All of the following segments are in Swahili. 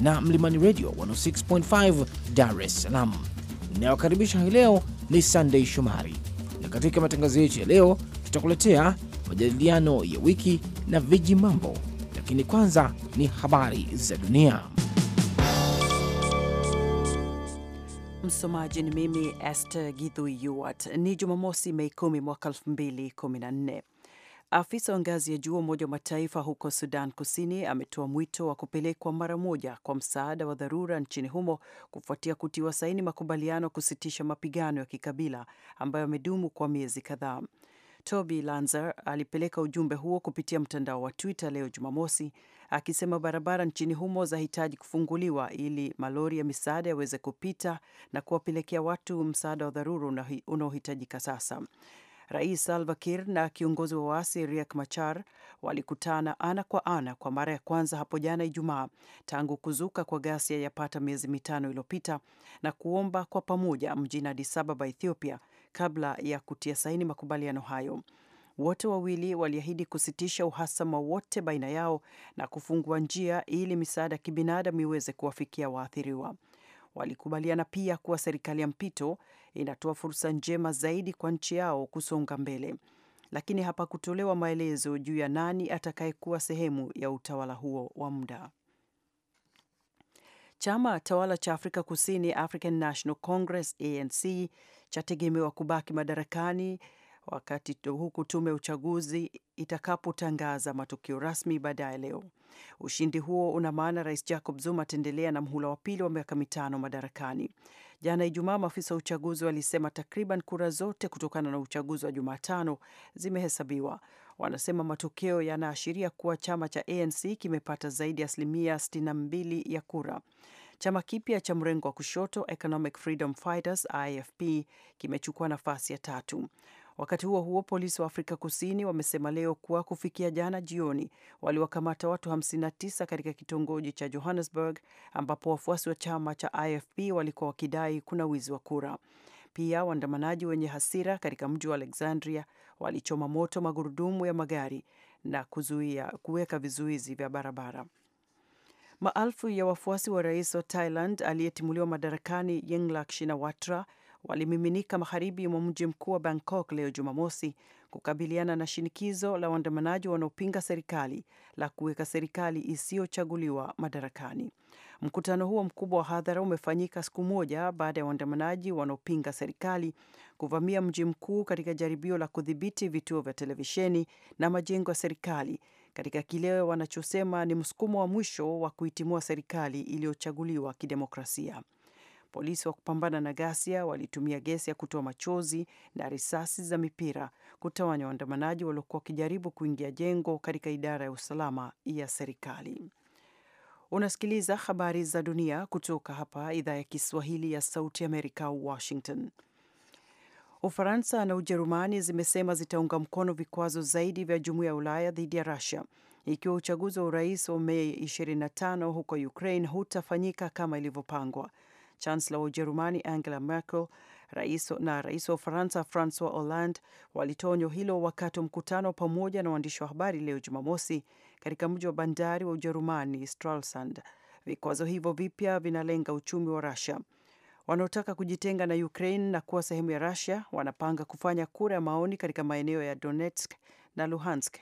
na Mlimani Radio 106.5 Dar es Salaam. Inayokaribisha hii leo ni Sunday Shomari, na katika matangazo yetu ya leo tutakuletea majadiliano ya wiki na viji mambo, lakini kwanza ni habari za dunia. Msomaji ni mimi Esther Githu yuat Ni Jumamosi, Mei 10 mwaka 2014. Afisa wa ngazi ya juu wa Umoja wa Mataifa huko Sudan Kusini ametoa mwito wa kupelekwa mara moja kwa msaada wa dharura nchini humo kufuatia kutiwa saini makubaliano kusitisha mapigano ya kikabila ambayo yamedumu kwa miezi kadhaa. Toby Lanzer alipeleka ujumbe huo kupitia mtandao wa Twitter leo Jumamosi, akisema barabara nchini humo zahitaji kufunguliwa ili malori ya misaada yaweze kupita na kuwapelekea watu msaada wa dharura unaohitajika sasa. Rais Salva Kiir na kiongozi wa waasi Riek Machar walikutana ana kwa ana kwa mara ya kwanza hapo jana Ijumaa tangu kuzuka kwa ghasia yapata miezi mitano iliyopita na kuomba kwa pamoja mjini Addis Ababa, Ethiopia, kabla ya kutia saini makubaliano hayo. Wote wawili waliahidi kusitisha uhasama wote baina yao na kufungua njia ili misaada ya kibinadamu iweze kuwafikia waathiriwa. Walikubaliana pia kuwa serikali ya mpito inatoa fursa njema zaidi kwa nchi yao kusonga mbele, lakini hapakutolewa maelezo juu ya nani atakayekuwa sehemu ya utawala huo wa muda. Chama tawala cha Afrika Kusini, African National Congress ANC, chategemewa kubaki madarakani wakati huku tume ya uchaguzi itakapotangaza matokeo rasmi baadaye leo. Ushindi huo una maana rais Jacob Zuma ataendelea na mhula wa pili wa miaka mitano madarakani. Jana Ijumaa, maafisa wa uchaguzi walisema takriban kura zote kutokana na uchaguzi wa Jumatano zimehesabiwa. Wanasema matokeo yanaashiria kuwa chama cha ANC kimepata zaidi ya asilimia 62 ya kura. Chama kipya cha mrengo wa kushoto Economic Freedom Fighters IFP kimechukua nafasi ya tatu. Wakati huo huo, polisi wa Afrika Kusini wamesema leo kuwa kufikia jana jioni waliwakamata watu 59 katika kitongoji cha Johannesburg ambapo wafuasi wa chama cha IFP walikuwa wakidai kuna wizi wa kura. Pia waandamanaji wenye hasira katika mji wa Alexandria walichoma moto magurudumu ya magari na kuzuia kuweka vizuizi vya barabara. Maelfu ya wafuasi wa rais wa Thailand aliyetimuliwa madarakani Yingluck Shinawatra walimiminika magharibi mwa mji mkuu wa Bangkok leo Jumamosi kukabiliana na shinikizo la waandamanaji wanaopinga serikali la kuweka serikali isiyochaguliwa madarakani. Mkutano huo mkubwa wa hadhara umefanyika siku moja baada ya waandamanaji wanaopinga serikali kuvamia mji mkuu katika jaribio la kudhibiti vituo vya televisheni na majengo ya serikali katika kile wanachosema ni msukumo wa mwisho wa kuitimua serikali iliyochaguliwa kidemokrasia. Polisi wa kupambana na ghasia walitumia gesi ya kutoa machozi na risasi za mipira kutawanya waandamanaji waliokuwa wakijaribu kuingia jengo katika idara ya usalama ya serikali. Unasikiliza habari za dunia kutoka hapa idhaa ya Kiswahili ya Sauti Amerika, Washington. Ufaransa na Ujerumani zimesema zitaunga mkono vikwazo zaidi vya jumuiya ya Ulaya dhidi ya Rusia ikiwa uchaguzi wa urais wa Mei 25 huko Ukraine hutafanyika kama ilivyopangwa. Chancellor wa Ujerumani Angela Merkel rais na rais wa Ufaransa Francois Hollande walitoa onyo hilo wakati wa mkutano pamoja na waandishi wa habari leo Jumamosi katika mji wa bandari wa Ujerumani Stralsund. Vikwazo hivyo vipya vinalenga uchumi wa rasia Wanaotaka kujitenga na Ukraine na kuwa sehemu ya rasia wanapanga kufanya kura ya maoni katika maeneo ya Donetsk na Luhansk.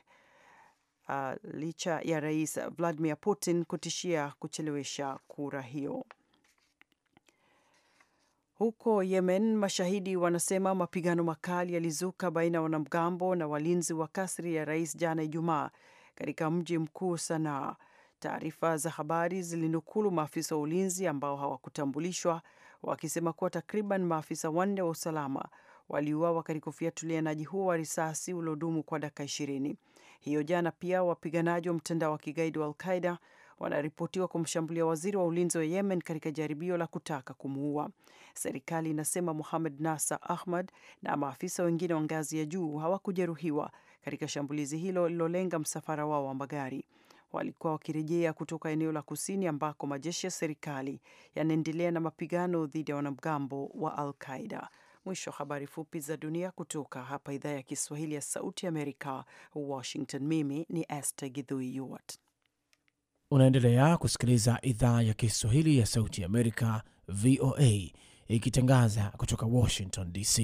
Uh, licha ya Rais Vladimir Putin kutishia kuchelewesha kura hiyo. Huko Yemen, mashahidi wanasema mapigano makali yalizuka baina ya wanamgambo na walinzi wa kasri ya rais jana Ijumaa katika mji mkuu Sanaa. Taarifa za habari zilinukulu maafisa wa ulinzi ambao hawakutambulishwa wakisema kuwa takriban maafisa wanne wa usalama waliuawa katika ufiatulianaji huo wa risasi uliodumu kwa dakika ishirini. Hiyo jana pia wapiganaji wa mtandao wa kigaidi wa Alqaida wanaripotiwa kumshambulia waziri wa ulinzi wa Yemen katika jaribio la kutaka kumuua. Serikali inasema muhamed nasa Ahmad na maafisa wengine wa ngazi ya juu hawakujeruhiwa katika shambulizi hilo lilolenga msafara wao wa magari. Walikuwa wakirejea kutoka eneo la kusini ambako majeshi ya serikali yanaendelea na mapigano dhidi ya wanamgambo wa Al Qaida. Mwisho wa habari fupi za dunia kutoka hapa idhaa ya Kiswahili ya Sauti Amerika, Washington. Mimi ni Esther Gidhui Yuwat. Unaendelea kusikiliza idhaa ya Kiswahili ya Sauti Amerika, VOA ikitangaza kutoka Washington DC.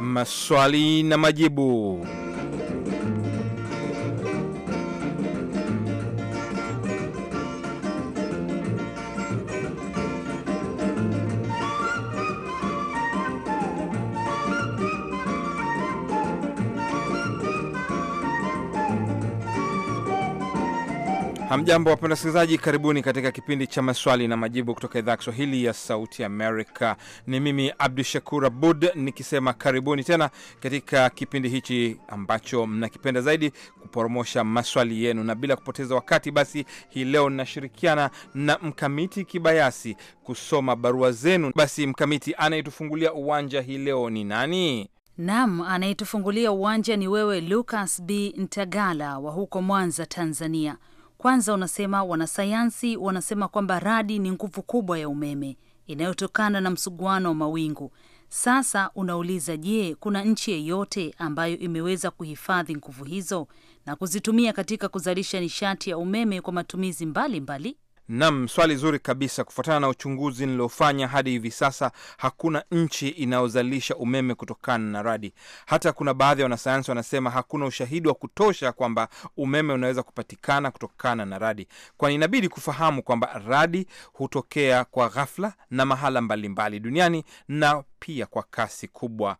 Maswali na majibu. Hamjambo, wapenda wasikilizaji, karibuni katika kipindi cha maswali na majibu kutoka idhaa ya Kiswahili ya Sauti Amerika. Ni mimi Abdu Shakur Abud nikisema karibuni tena katika kipindi hichi ambacho mnakipenda zaidi, kuporomosha maswali yenu. Na bila kupoteza wakati, basi hii leo ninashirikiana na Mkamiti Kibayasi kusoma barua zenu. Basi Mkamiti, anayetufungulia uwanja hii leo ni nani? Nam, anayetufungulia uwanja ni wewe Lucas B Ntagala wa huko Mwanza, Tanzania. Kwanza unasema wanasayansi wanasema kwamba radi ni nguvu kubwa ya umeme inayotokana na msuguano wa mawingu. Sasa unauliza, je, kuna nchi yeyote ambayo imeweza kuhifadhi nguvu hizo na kuzitumia katika kuzalisha nishati ya umeme kwa matumizi mbalimbali mbali? Nam, swali zuri kabisa. Kufuatana na uchunguzi niliofanya hadi hivi sasa, hakuna nchi inayozalisha umeme kutokana na radi. Hata kuna baadhi ya wanasayansi wanasema hakuna ushahidi wa kutosha kwamba umeme unaweza kupatikana kutokana na radi, kwani inabidi kufahamu kwamba radi hutokea kwa ghafla na mahala mbalimbali mbali duniani na pia kwa kasi kubwa.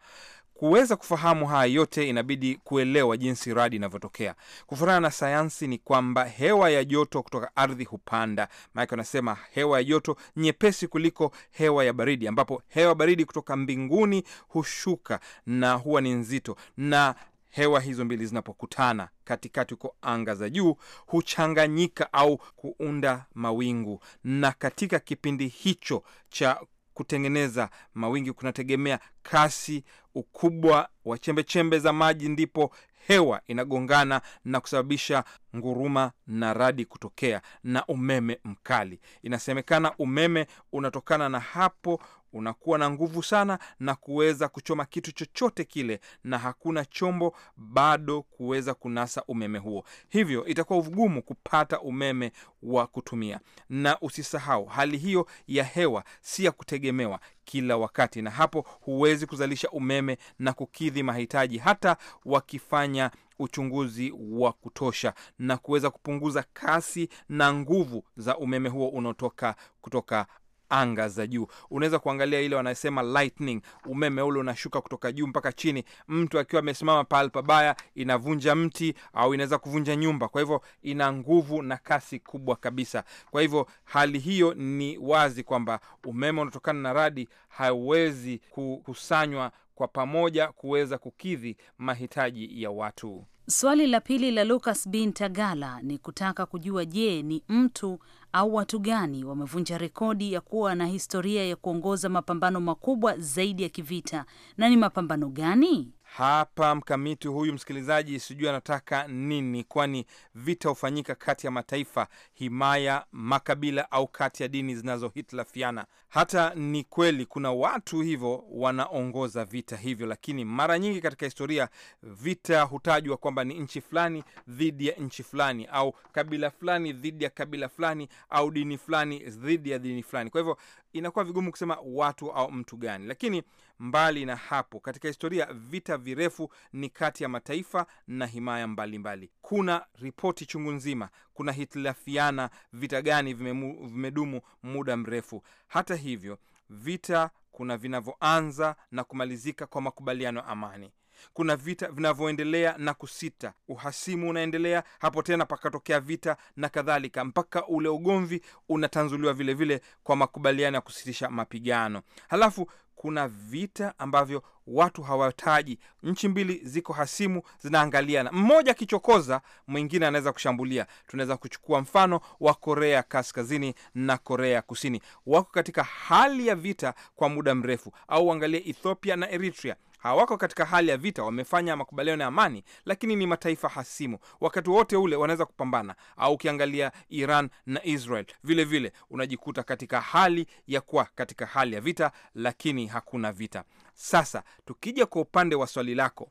Kuweza kufahamu haya yote, inabidi kuelewa jinsi radi inavyotokea. Kufuatana na sayansi, ni kwamba hewa ya joto kutoka ardhi hupanda, maanake anasema hewa ya joto nyepesi kuliko hewa ya baridi, ambapo hewa baridi kutoka mbinguni hushuka na huwa ni nzito na hewa hizo mbili zinapokutana katikati huko anga za juu huchanganyika au kuunda mawingu, na katika kipindi hicho cha kutengeneza mawingu kunategemea kasi ukubwa wa chembechembe za maji, ndipo hewa inagongana na kusababisha nguruma na radi kutokea na umeme mkali. Inasemekana umeme unatokana na hapo unakuwa na nguvu sana na kuweza kuchoma kitu chochote kile, na hakuna chombo bado kuweza kunasa umeme huo, hivyo itakuwa ugumu kupata umeme wa kutumia. Na usisahau hali hiyo ya hewa si ya kutegemewa kila wakati, na hapo huwezi kuzalisha umeme na kukidhi mahitaji, hata wakifanya uchunguzi wa kutosha na kuweza kupunguza kasi na nguvu za umeme huo unaotoka kutoka anga za juu. Unaweza kuangalia ile wanasema lightning, umeme ule unashuka kutoka juu mpaka chini. Mtu akiwa amesimama pahali pabaya, inavunja mti au inaweza kuvunja nyumba. Kwa hivyo ina nguvu na kasi kubwa kabisa. Kwa hivyo hali hiyo ni wazi kwamba umeme unaotokana na radi hauwezi kukusanywa kwa pamoja kuweza kukidhi mahitaji ya watu. Swali la pili la Lucas bin Tagala ni kutaka kujua, je, ni mtu au watu gani wamevunja rekodi ya kuwa na historia ya kuongoza mapambano makubwa zaidi ya kivita na ni mapambano gani? hapa mkamiti huyu msikilizaji sijui anataka nini, kwani vita hufanyika kati ya mataifa himaya, makabila au kati ya dini zinazohitilafiana. Hata ni kweli kuna watu hivyo wanaongoza vita hivyo, lakini mara nyingi katika historia vita hutajwa kwamba ni nchi fulani dhidi ya nchi fulani au kabila fulani dhidi ya kabila fulani au dini fulani dhidi ya dini fulani. Kwa hivyo inakuwa vigumu kusema watu au mtu gani, lakini Mbali na hapo, katika historia vita virefu ni kati ya mataifa na himaya mbalimbali mbali. Kuna ripoti chungu nzima, kuna hitilafiana vita gani vimedumu muda mrefu. Hata hivyo, vita kuna vinavyoanza na kumalizika kwa makubaliano ya amani kuna vita vinavyoendelea na kusita, uhasimu unaendelea, hapo tena pakatokea vita na kadhalika, mpaka ule ugomvi unatanzuliwa vilevile kwa makubaliano ya kusitisha mapigano. Halafu kuna vita ambavyo watu hawataji. Nchi mbili ziko hasimu, zinaangaliana, mmoja akichokoza mwingine anaweza kushambulia. Tunaweza kuchukua mfano wa Korea Kaskazini na Korea Kusini, wako katika hali ya vita kwa muda mrefu, au uangalie Ethiopia na Eritrea hawako katika hali ya vita, wamefanya makubaliano ya amani, lakini ni mataifa hasimu. Wakati wote ule wanaweza kupambana. Au ukiangalia Iran na Israel vilevile vile, unajikuta katika hali ya kuwa katika hali ya vita, lakini hakuna vita. Sasa tukija kwa upande wa swali lako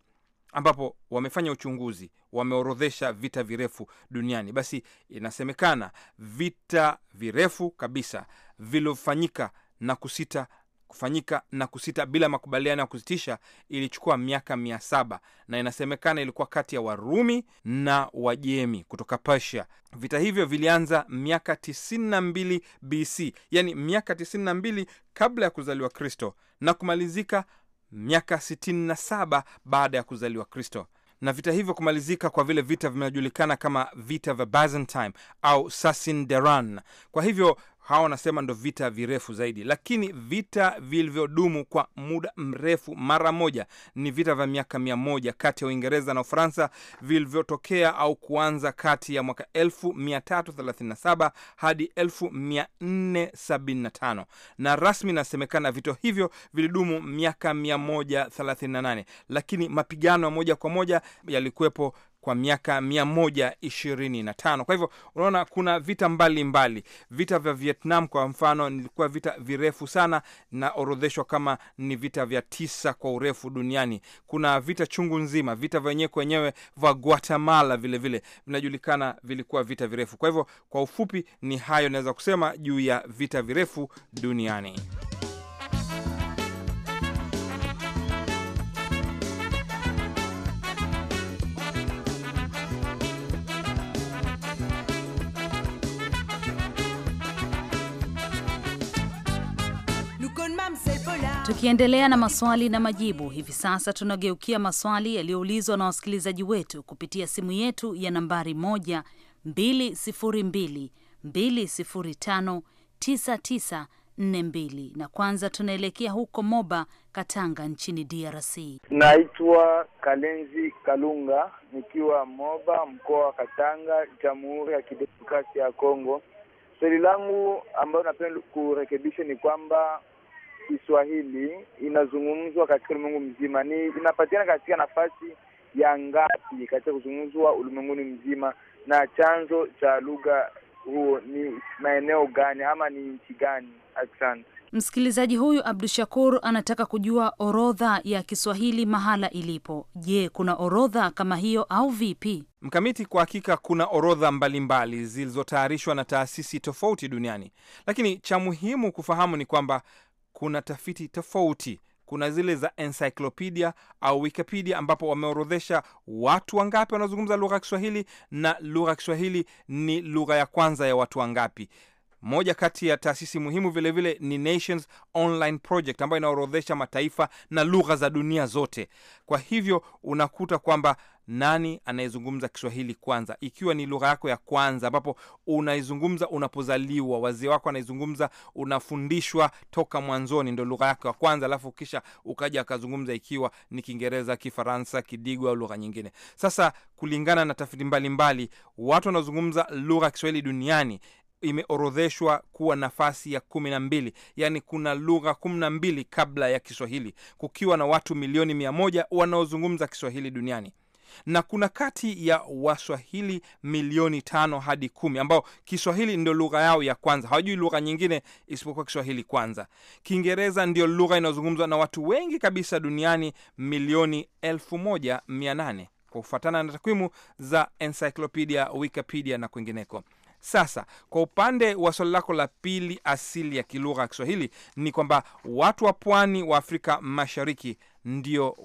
ambapo wamefanya uchunguzi, wameorodhesha vita virefu duniani. Basi inasemekana vita virefu kabisa vilivyofanyika na kusita kufanyika na kusita bila makubaliano ya kusitisha ilichukua miaka mia saba na inasemekana ilikuwa kati ya Warumi na Wajemi kutoka Persia. Vita hivyo vilianza miaka 92 BC, yani miaka 92 kabla ya kuzaliwa Kristo na kumalizika miaka 67 baada ya kuzaliwa Kristo na vita hivyo kumalizika kwa vile vita vimejulikana kama vita vya Byzantine au Sassin Deran. Kwa hivyo hawa wanasema ndo vita virefu zaidi, lakini vita vilivyodumu kwa muda mrefu mara moja ni vita vya miaka mia moja kati ya Uingereza na Ufaransa vilivyotokea au kuanza kati ya mwaka 1337 hadi 1475, na rasmi inasemekana vito hivyo vilidumu miaka 138, lakini mapigano ya moja kwa moja yalikuwepo kwa miaka 125. Kwa hivyo unaona kuna vita mbalimbali mbali. Vita vya Vietnam kwa mfano nilikuwa vita virefu sana na orodheshwa kama ni vita vya tisa kwa urefu duniani. Kuna vita chungu nzima, vita vyenyewe kwenyewe vya Guatemala vilevile vinajulikana vile, vilikuwa vita virefu. Kwa hivyo kwa ufupi ni hayo naweza kusema juu ya vita virefu duniani. Tukiendelea na maswali na majibu, hivi sasa tunageukia maswali yaliyoulizwa na wasikilizaji wetu kupitia simu yetu ya nambari 1 na kwanza tunaelekea huko Moba, Katanga nchini DRC. Naitwa Kalenzi Kalunga nikiwa Moba, mkoa wa Katanga, Jamhuri ya Kidemokrasia ya Kongo. Swali langu ambayo napenda kurekebisha ni kwamba Kiswahili inazungumzwa katika ulimwengu mzima, ni inapatikana katika nafasi ya ngapi katika kuzungumzwa ulimwenguni mzima, na chanzo cha lugha huo ni maeneo gani ama ni nchi gani? Asante. Msikilizaji huyu Abdu Shakur anataka kujua orodha ya Kiswahili mahala ilipo. Je, kuna orodha kama hiyo au vipi? Mkamiti, kwa hakika kuna orodha mbalimbali zilizotayarishwa na taasisi tofauti duniani, lakini cha muhimu kufahamu ni kwamba kuna tafiti tofauti. Kuna zile za encyclopedia au Wikipedia ambapo wameorodhesha watu wangapi wanazungumza lugha ya Kiswahili na lugha ya Kiswahili ni lugha ya kwanza ya watu wangapi. Moja kati ya taasisi muhimu vilevile vile ni Nations Online Project ambayo inaorodhesha mataifa na lugha za dunia zote. Kwa hivyo unakuta kwamba nani anayezungumza Kiswahili kwanza, ikiwa ni lugha yako ya kwanza, ambapo unaizungumza unapozaliwa, wazee wako anaizungumza, unafundishwa toka mwanzoni, ndo lugha yako ya kwanza, alafu kisha ukaja akazungumza, ikiwa ni Kiingereza, Kifaransa, Kidigo au lugha nyingine. Sasa kulingana na tafiti mbalimbali, watu wanaozungumza lugha ya Kiswahili duniani imeorodheshwa kuwa nafasi ya kumi na mbili, yaani kuna lugha kumi na mbili kabla ya Kiswahili, kukiwa na watu milioni mia moja wanaozungumza Kiswahili duniani na kuna kati ya Waswahili milioni tano hadi kumi ambao Kiswahili ndio lugha yao ya kwanza, hawajui lugha nyingine isipokuwa Kiswahili kwanza. Kiingereza ndio lugha inayozungumzwa na watu wengi kabisa duniani, milioni elfu moja mia nane kwa kufuatana na takwimu za Encyclopedia, Wikipedia na kwingineko. Sasa kwa upande wa swali lako la pili, asili ya kilugha ya Kiswahili ni kwamba watu wa pwani wa Afrika Mashariki ndio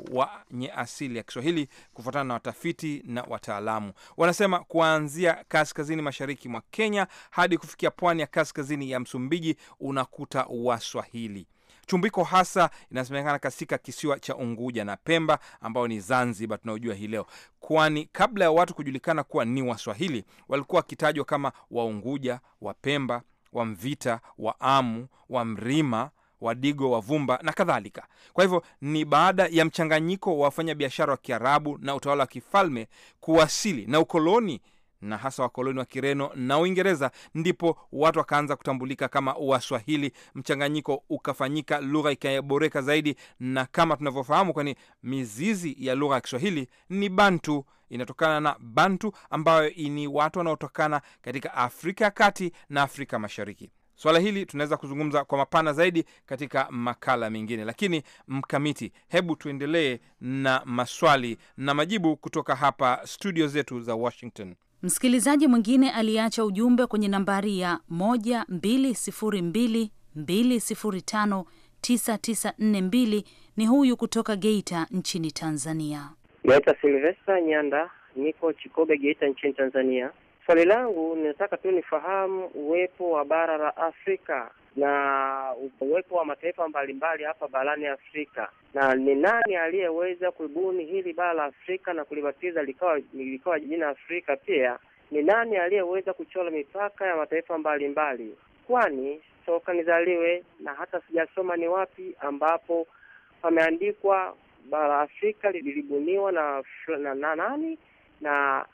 wenye asili ya Kiswahili kufuatana na watafiti na wataalamu. Wanasema kuanzia kaskazini mashariki mwa Kenya hadi kufikia pwani ya kaskazini ya Msumbiji unakuta Waswahili. Chumbiko hasa inasemekana katika kisiwa cha Unguja na Pemba ambao ni Zanzibar tunaojua hii leo, kwani kabla ya watu kujulikana kuwa ni Waswahili walikuwa wakitajwa kama Waunguja, Wapemba, Wamvita, Waamu, Wamrima, Wadigo, Wavumba na kadhalika. Kwa hivyo ni baada ya mchanganyiko wa wafanyabiashara wa Kiarabu na utawala wa kifalme kuwasili na ukoloni na hasa wakoloni wa Kireno na Uingereza, ndipo watu wakaanza kutambulika kama Waswahili. Mchanganyiko ukafanyika, lugha ikaboreka zaidi, na kama tunavyofahamu, kwani mizizi ya lugha ya Kiswahili ni Bantu, inatokana na Bantu ambayo ni watu wanaotokana katika Afrika ya kati na Afrika Mashariki. Swala hili tunaweza kuzungumza kwa mapana zaidi katika makala mengine, lakini Mkamiti, hebu tuendelee na maswali na majibu kutoka hapa studio zetu za Washington. Msikilizaji mwingine aliacha ujumbe kwenye nambari ya 12022059942 ni huyu kutoka Geita nchini Tanzania. Naitwa Silvesta Nyanda, niko Chikobe, Geita nchini Tanzania. Swali langu ninataka tu nifahamu uwepo wa bara la Afrika na uwepo wa mataifa mbalimbali hapa barani Afrika, na ni nani aliyeweza kuibuni hili bara la Afrika na kulibatiza likawa likawa jina Afrika? Pia ni nani aliyeweza kuchora mipaka ya mataifa mbalimbali? Kwani toka nizaliwe na hata sijasoma ni wapi ambapo pameandikwa bara la Afrika lilibuniwa na, na, na nani na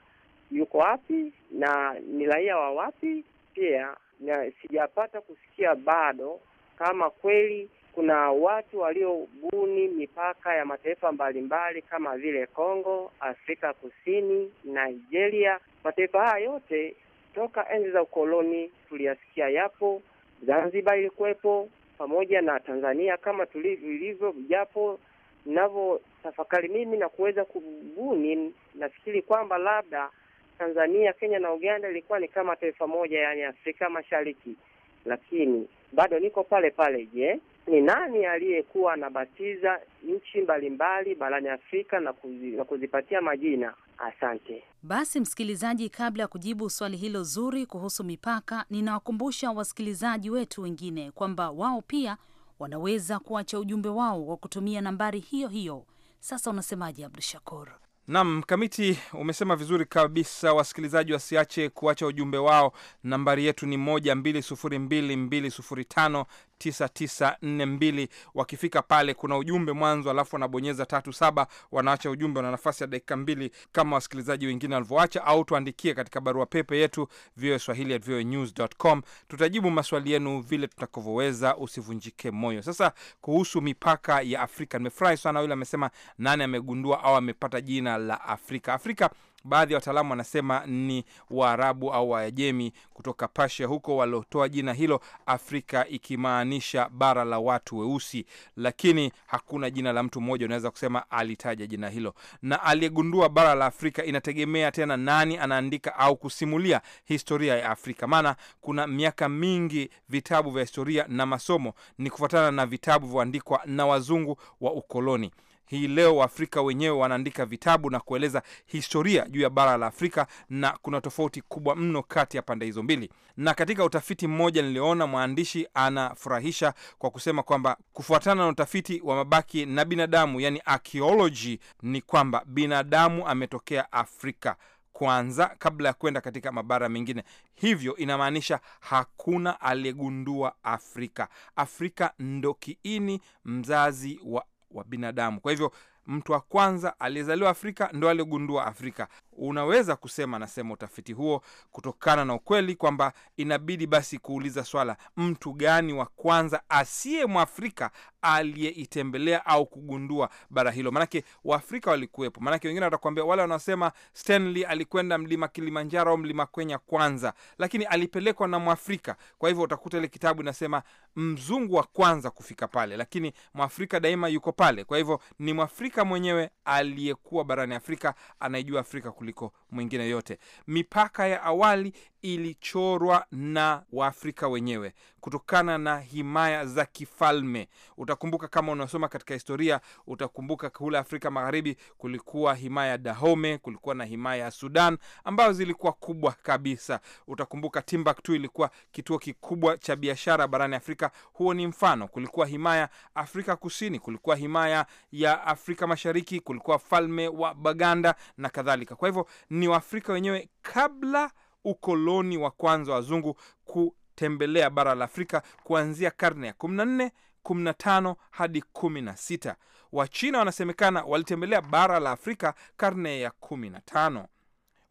yuko wapi na ni raia wa wapi? Pia na sijapata kusikia bado kama kweli kuna watu waliobuni mipaka ya mataifa mbalimbali kama vile Kongo, Afrika Kusini, Nigeria. Mataifa haya yote toka enzi za ukoloni tuliyasikia yapo. Zanzibar ilikuwepo pamoja na Tanzania kama tulivyo, japo navyo tafakari mimi na kuweza kubuni, nafikiri kwamba labda Tanzania, Kenya na Uganda ilikuwa ni kama taifa moja, yani Afrika Mashariki, lakini bado niko pale pale. Je, ni nani aliyekuwa anabatiza nchi mbalimbali barani Afrika na, kuzi, na kuzipatia majina? Asante. Basi msikilizaji, kabla ya kujibu swali hilo zuri kuhusu mipaka, ninawakumbusha wasikilizaji wetu wengine kwamba wao pia wanaweza kuacha ujumbe wao wa kutumia nambari hiyo hiyo. Sasa unasemaje, Abdu Shakur? Nam mkamiti umesema vizuri kabisa. Wasikilizaji wasiache kuacha ujumbe wao. Nambari yetu ni moja mbili sufuri mbili mbili sufuri tano 9942 wakifika pale kuna ujumbe mwanzo, alafu wanabonyeza tatu saba, wanaacha ujumbe, wana nafasi ya dakika mbili kama wasikilizaji wengine walivyoacha, au tuandikie katika barua pepe yetu VOA Swahili at voanews.com. Tutajibu maswali yenu vile tutakavyoweza, usivunjike moyo. Sasa kuhusu mipaka ya Afrika, nimefurahi sana yule amesema nani amegundua au amepata jina la Afrika. Afrika Baadhi ya wataalamu wanasema ni Waarabu au wajemi kutoka Pasia huko waliotoa jina hilo Afrika, ikimaanisha bara la watu weusi, lakini hakuna jina la mtu mmoja unaweza kusema alitaja jina hilo. Na aliyegundua bara la Afrika inategemea tena nani anaandika au kusimulia historia ya Afrika, maana kuna miaka mingi vitabu vya historia na masomo ni kufuatana na vitabu vyoandikwa na wazungu wa ukoloni. Hii leo Waafrika wenyewe wanaandika vitabu na kueleza historia juu ya bara la Afrika, na kuna tofauti kubwa mno kati ya pande hizo mbili. Na katika utafiti mmoja niliona mwandishi anafurahisha kwa kusema kwamba kufuatana na utafiti wa mabaki na binadamu, yani archaeology, ni kwamba binadamu ametokea Afrika kwanza kabla ya kwenda katika mabara mengine. Hivyo inamaanisha hakuna aliyegundua Afrika. Afrika ndo kiini mzazi wa wa binadamu. Kwa hivyo mtu wa kwanza aliyezaliwa Afrika ndo aliogundua Afrika. Unaweza kusema, anasema utafiti huo, kutokana na ukweli kwamba inabidi basi kuuliza swala, mtu gani wa kwanza asiye mwafrika aliyeitembelea au kugundua bara hilo? Maanake waafrika walikuwepo. Maanake wengine watakuambia, wale wanaosema Stanley alikwenda mlima Kilimanjaro au mlima Kenya kwanza, lakini alipelekwa na Mwafrika. Kwa hivyo utakuta ile kitabu inasema mzungu wa kwanza kufika pale, lakini Mwafrika daima yuko pale. Kwa hivyo ni Mwafrika Afrika mwenyewe aliyekuwa barani Afrika anaijua Afrika kuliko mwingine yote. Mipaka ya awali ilichorwa na Waafrika wenyewe kutokana na himaya za kifalme. Utakumbuka kama unasoma katika historia, utakumbuka kule Afrika Magharibi kulikuwa himaya ya Dahome, kulikuwa na himaya ya Sudan ambayo zilikuwa kubwa kabisa. Utakumbuka Timbuktu ilikuwa kituo kikubwa cha biashara barani Afrika. Huo ni mfano. Kulikuwa himaya Afrika Kusini, kulikuwa himaya ya Afrika Mashariki, kulikuwa falme wa Baganda na kadhalika. Kwa hivyo ni Waafrika wenyewe kabla ukoloni wa kwanza wazungu ku tembelea bara la Afrika kuanzia karne ya 14, 15 hadi 16. Wachina wanasemekana walitembelea bara la Afrika karne ya 15.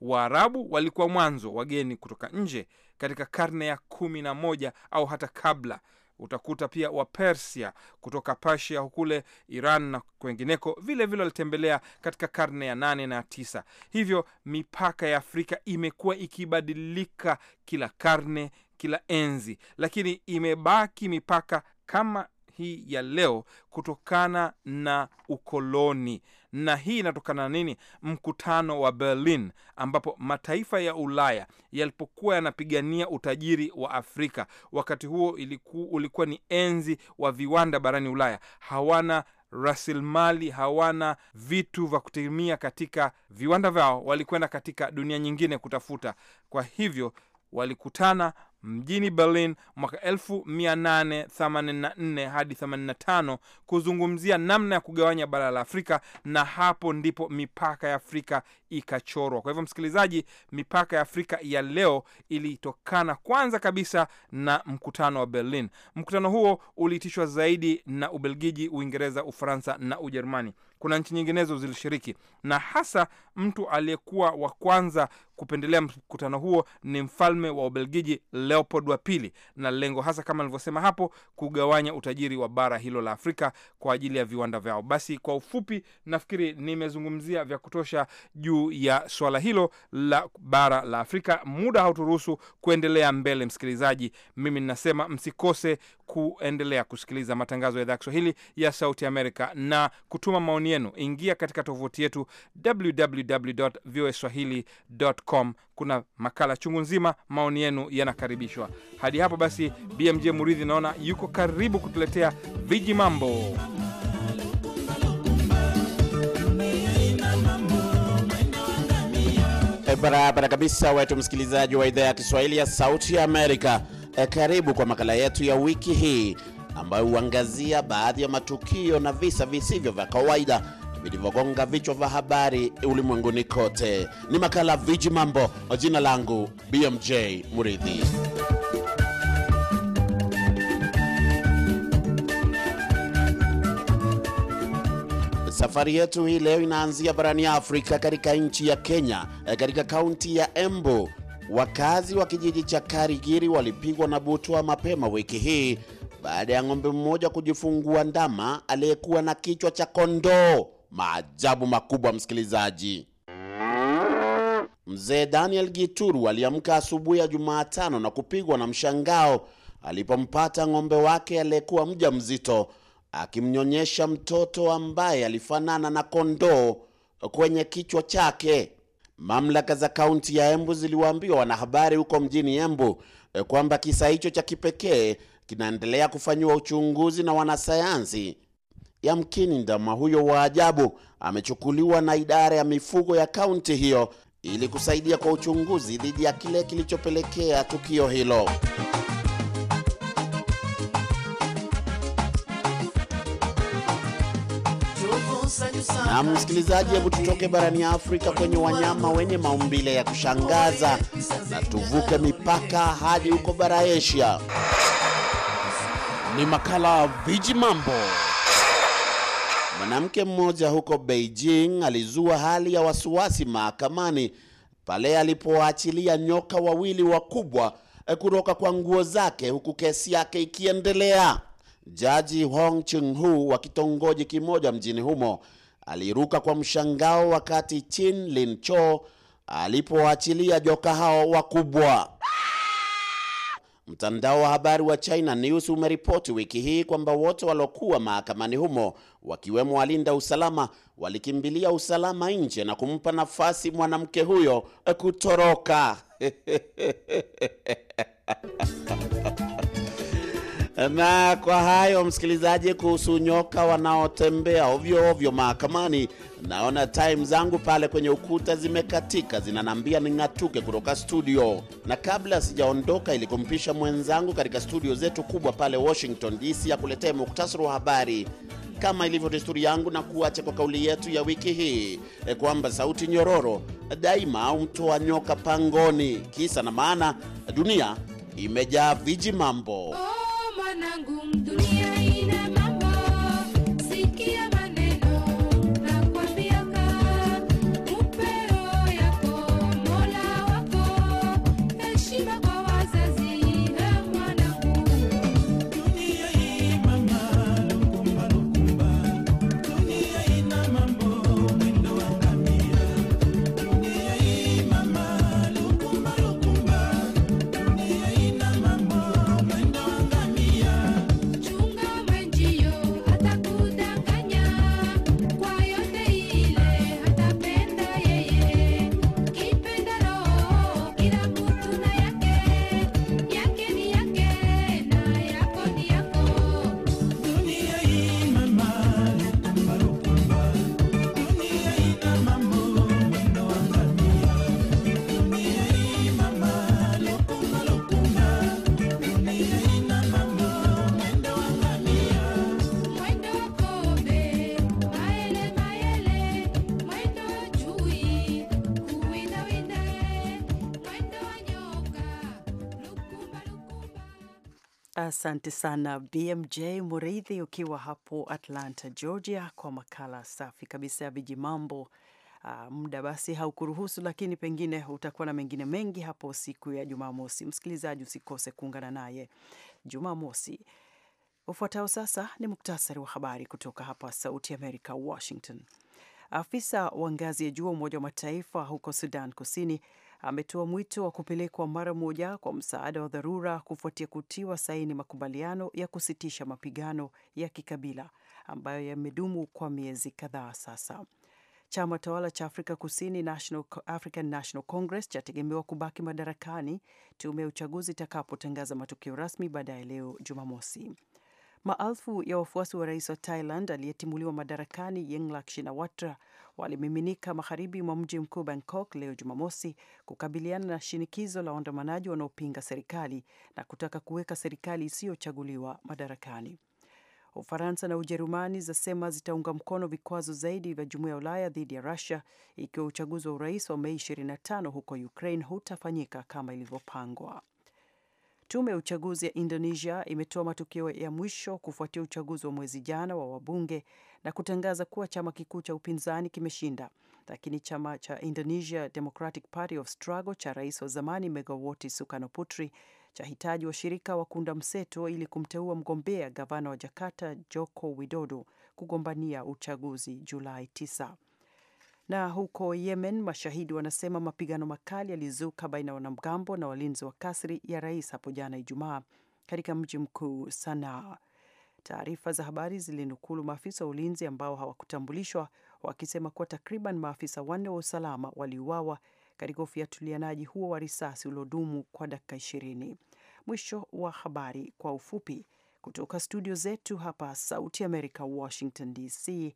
Waarabu walikuwa mwanzo wageni kutoka nje katika karne ya 11 au hata kabla. Utakuta pia Wapersia kutoka Persia kule Iran na kwengineko vilevile walitembelea katika karne ya nane na tisa. Hivyo mipaka ya Afrika imekuwa ikibadilika kila karne, kila enzi, lakini imebaki mipaka kama hii ya leo kutokana na ukoloni. Na hii inatokana na nini? Mkutano wa Berlin ambapo mataifa ya Ulaya yalipokuwa yanapigania utajiri wa Afrika. Wakati huo iliku, ulikuwa ni enzi wa viwanda barani Ulaya, hawana rasilimali hawana vitu vya kutumia katika viwanda vyao, walikwenda katika dunia nyingine kutafuta. Kwa hivyo walikutana mjini Berlin mwaka 1884 hadi 85 kuzungumzia namna ya kugawanya bara la Afrika, na hapo ndipo mipaka ya Afrika ikachorwa. Kwa hivyo, msikilizaji, mipaka ya Afrika ya leo ilitokana kwanza kabisa na mkutano wa Berlin. Mkutano huo uliitishwa zaidi na Ubelgiji, Uingereza, Ufaransa na Ujerumani. Kuna nchi nyinginezo zilishiriki, na hasa mtu aliyekuwa wa kwanza kupendelea mkutano huo ni mfalme wa Ubelgiji Leopold wa pili, na lengo hasa kama alivyosema hapo, kugawanya utajiri wa bara hilo la Afrika kwa ajili ya viwanda vyao. Basi kwa ufupi, nafikiri nimezungumzia vya kutosha juu ya swala hilo la bara la Afrika. Muda hauturuhusu kuendelea mbele, msikilizaji. Mimi ninasema msikose kuendelea kusikiliza matangazo ya idhaa ya Kiswahili ya Sauti Amerika na kutuma maoni yenu. Ingia katika tovuti yetu www com. Kuna makala chungu nzima, maoni yenu yanakaribishwa. Hadi hapo basi, BMJ Muridhi naona yuko karibu kutuletea viji mambo. Barabara eh, kabisa, wetu msikilizaji wa idhaa ya Kiswahili ya Sauti ya Amerika. E, karibu kwa makala yetu ya wiki hii ambayo huangazia baadhi ya matukio na visa visivyo vya kawaida vilivyogonga vichwa vya habari ulimwenguni kote. Ni makala Viji Mambo. Jina langu BMJ Muridhi. Safari yetu hii leo inaanzia barani Afrika, katika nchi ya Kenya, eh, katika kaunti ya Embu. Wakazi wa kijiji cha Karigiri walipigwa na butwa mapema wiki hii baada ya ng'ombe mmoja kujifungua ndama aliyekuwa na kichwa cha kondoo maajabu makubwa, msikilizaji. Mzee Daniel Gituru aliamka asubuhi ya Jumatano na kupigwa na mshangao alipompata ng'ombe wake aliyekuwa mja mzito akimnyonyesha mtoto ambaye alifanana na kondoo kwenye kichwa chake. Mamlaka za kaunti ya Embu ziliwaambia wanahabari huko mjini Embu kwamba kisa hicho cha kipekee kinaendelea kufanyiwa uchunguzi na wanasayansi Yamkini ndama huyo wa ajabu amechukuliwa na idara ya mifugo ya kaunti hiyo ili kusaidia kwa uchunguzi dhidi ya kile kilichopelekea tukio hilo. Na msikilizaji, hebu tutoke barani ya Afrika kwenye wanyama wenye maumbile ya kushangaza na tuvuke mipaka hadi huko bara Asia. Ni makala Viji Mambo. Mwanamke mmoja huko Beijing alizua hali ya wasiwasi mahakamani pale alipowaachilia nyoka wawili wakubwa eh, kutoka kwa nguo zake huku kesi yake ikiendelea. Jaji Hong chinhu hu wa kitongoji kimoja mjini humo aliruka kwa mshangao wakati Chin Lin Cho alipoachilia joka hao wakubwa. Mtandao wa habari wa China News umeripoti wiki hii kwamba wote waliokuwa mahakamani humo wakiwemo walinda usalama walikimbilia usalama nje na kumpa nafasi mwanamke huyo kutoroka. Na kwa hayo msikilizaji, kuhusu nyoka wanaotembea ovyo ovyo mahakamani, Naona time zangu pale kwenye ukuta zimekatika, zinanambia ning'atuke kutoka studio. Na kabla sijaondoka, ili kumpisha mwenzangu katika studio zetu kubwa pale Washington DC, akuletea muktasari wa habari kama ilivyo desturi yangu, na kuacha kwa kauli yetu ya wiki hii e, kwamba sauti nyororo daima au mtoa nyoka pangoni. Kisa na maana, dunia imejaa viji mambo oh, Asante sana BMJ Mureithi, ukiwa hapo Atlanta, Georgia, kwa makala safi kabisa ya viji mambo. Uh, muda basi haukuruhusu, lakini pengine utakuwa na mengine mengi hapo siku ya Jumamosi. Msikilizaji, usikose kuungana naye Jumamosi. Ufuatao sasa ni muktasari wa habari kutoka hapa Sauti Amerika, Washington. Afisa wa ngazi ya juu wa Umoja wa Mataifa huko Sudan Kusini ametoa mwito wa kupelekwa mara moja kwa msaada wa dharura kufuatia kutiwa saini makubaliano ya kusitisha mapigano ya kikabila ambayo yamedumu kwa miezi kadhaa sasa. Chama tawala cha Afrika Kusini National, African National Congress chategemewa kubaki madarakani tume ya uchaguzi itakapotangaza matokeo rasmi baadaye leo Jumamosi. Maalfu ya wafuasi wa rais wa Thailand aliyetimuliwa madarakani Yingluck Shinawatra walimiminika magharibi mwa mji mkuu Bangkok leo Jumamosi kukabiliana na shinikizo la waandamanaji wanaopinga serikali na kutaka kuweka serikali isiyochaguliwa madarakani. Ufaransa na Ujerumani zasema zitaunga mkono vikwazo zaidi vya jumuiya ya Ulaya dhidi ya Rusia ikiwa uchaguzi wa urais wa Mei 25 huko Ukraine hutafanyika kama ilivyopangwa. Tume ya uchaguzi ya Indonesia imetoa matokeo ya mwisho kufuatia uchaguzi wa mwezi jana wa wabunge na kutangaza kuwa chama kikuu cha upinzani kimeshinda, lakini chama cha Indonesia Democratic Party of Struggle cha rais wa zamani Megawati Sukarno Putri hitaji washirika wa kunda mseto ili kumteua mgombea gavana wa Jakarta Joko Widodo kugombania uchaguzi Julai 9. Na huko Yemen, mashahidi wanasema mapigano makali yalizuka baina ya wanamgambo na walinzi wa kasri ya rais hapo jana Ijumaa katika mji mkuu Sanaa. Taarifa za habari zilinukulu maafisa wa ulinzi ambao hawakutambulishwa wakisema kuwa takriban maafisa wanne wa usalama waliuawa katika ufiatulianaji huo wa risasi uliodumu kwa dakika ishirini. Mwisho wa habari kwa ufupi kutoka studio zetu hapa Sauti Amerika, Washington DC.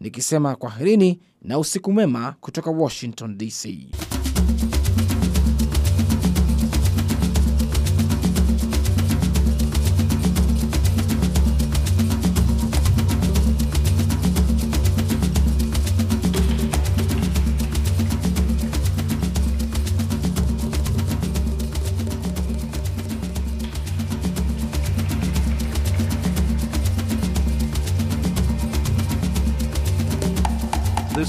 nikisema kwaherini na usiku mwema kutoka Washington DC.